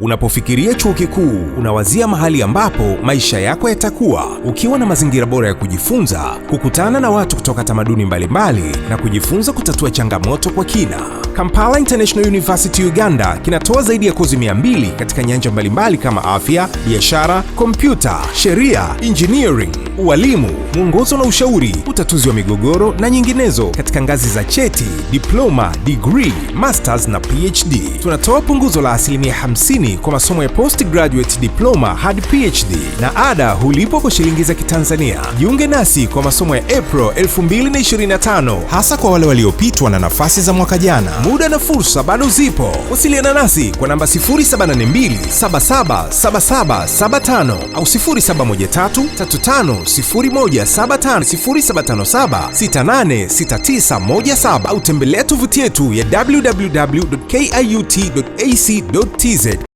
Unapofikiria chuo kikuu unawazia mahali ambapo maisha yako yatakuwa, ukiwa na mazingira bora ya kujifunza, kukutana na watu kutoka tamaduni mbalimbali na kujifunza kutatua changamoto kwa kina. Kampala International University Uganda kinatoa zaidi ya kozi 200 katika nyanja mbalimbali kama afya, biashara, kompyuta, sheria, engineering, ualimu, mwongozo na ushauri, utatuzi wa migogoro na nyinginezo katika ngazi za cheti, diploma, degree, masters na PhD. Tunatoa punguzo la asilimia 50 kwa masomo ya postgraduate diploma hadi PhD na ada hulipwa kwa shilingi za Kitanzania. Jiunge nasi kwa masomo ya April 2025 hasa kwa wale waliopitwa na nafasi za mwaka jana muda na fursa bado zipo. Wasiliana nasi kwa namba 0782777775 au 0713350175, 0757686917 au tembelea tovuti yetu ya www.kiut.ac.tz.